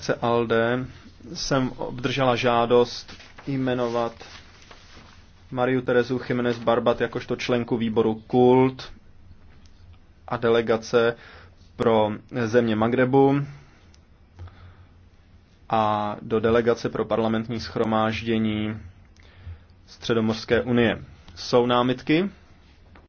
frakce ALDE jsem obdržela žádost jmenovat Mariu Terezu Jiménez Barbat jakožto členku výboru KULT a delegace pro země Magrebu a do delegace pro parlamentní schromáždění Středomorské unie. Jsou námitky?